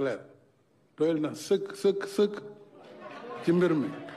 clair doyal na sëkk sëkk sëkk ci mbir mi